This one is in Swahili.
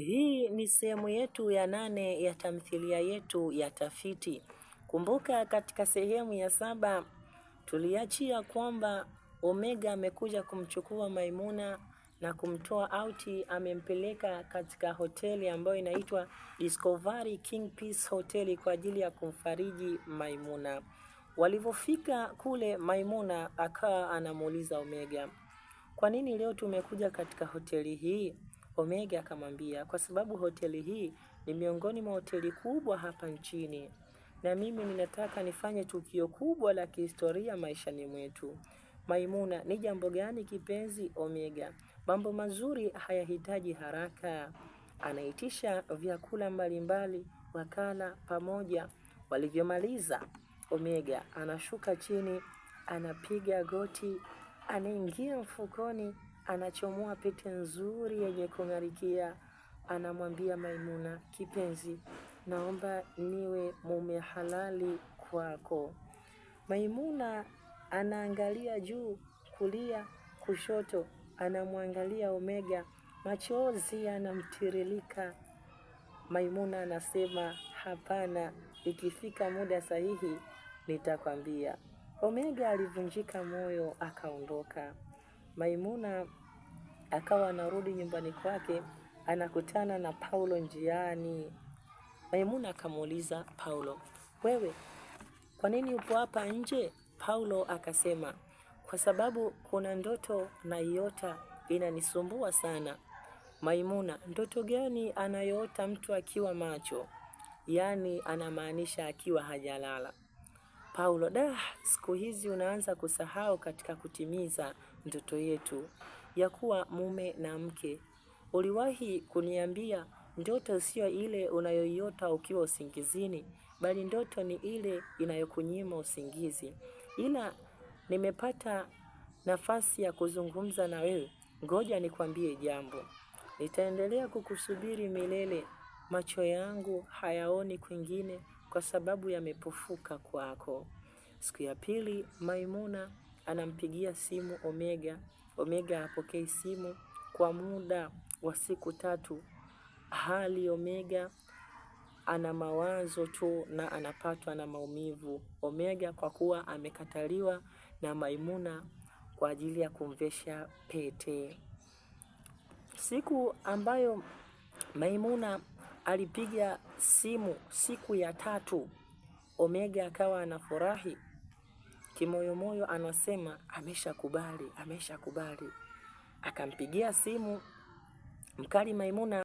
Hii ni sehemu yetu ya nane ya tamthilia yetu ya tafiti. Kumbuka katika sehemu ya saba tuliachia kwamba Omega amekuja kumchukua Maimuna na kumtoa auti, amempeleka katika hoteli ambayo inaitwa Discovery King Peace Hotel kwa ajili ya kumfariji Maimuna. Walivyofika kule, Maimuna akawa anamuuliza Omega, kwa nini leo tumekuja katika hoteli hii? Omega akamwambia, kwa sababu hoteli hii ni miongoni mwa hoteli kubwa hapa nchini na mimi ninataka nifanye tukio kubwa la kihistoria maishani mwetu. Maimuna, ni jambo gani kipenzi? Omega, mambo mazuri hayahitaji haraka. Anaitisha vyakula mbalimbali, wakala pamoja. Walivyomaliza, Omega anashuka chini, anapiga goti, anaingia mfukoni anachomoa pete nzuri yenye kung'arikia, anamwambia Maimuna, kipenzi, naomba niwe mume halali kwako. Maimuna anaangalia juu, kulia, kushoto, anamwangalia Omega, machozi yanamtirilika. Maimuna anasema hapana, ikifika muda sahihi nitakwambia. Omega alivunjika moyo akaondoka. Maimuna akawa anarudi nyumbani kwake, anakutana na Paulo njiani. Maimuna akamuuliza Paulo, wewe kwa nini upo hapa nje? Paulo akasema, kwa sababu kuna ndoto naiota inanisumbua sana. Maimuna, ndoto gani anayoota mtu akiwa macho? Yaani anamaanisha akiwa hajalala. Paulo, da siku hizi unaanza kusahau katika kutimiza ndoto yetu ya kuwa mume na mke. Uliwahi kuniambia ndoto sio ile unayoiota ukiwa usingizini, bali ndoto ni ile inayokunyima usingizi. Ila nimepata nafasi ya kuzungumza na wewe, ngoja nikwambie jambo. Nitaendelea kukusubiri milele, macho yangu hayaoni kwingine kwa sababu yamepofuka kwako. Siku ya pili Maimuna anampigia simu Omega. Omega apokee simu kwa muda wa siku tatu, hali Omega ana mawazo tu na anapatwa na maumivu. Omega kwa kuwa amekataliwa na Maimuna kwa ajili ya kumvesha pete. Siku ambayo Maimuna alipiga simu siku ya tatu. Omega akawa anafurahi kimoyomoyo, anasema ameshakubali, ameshakubali. Akampigia simu Mkali Maimuna.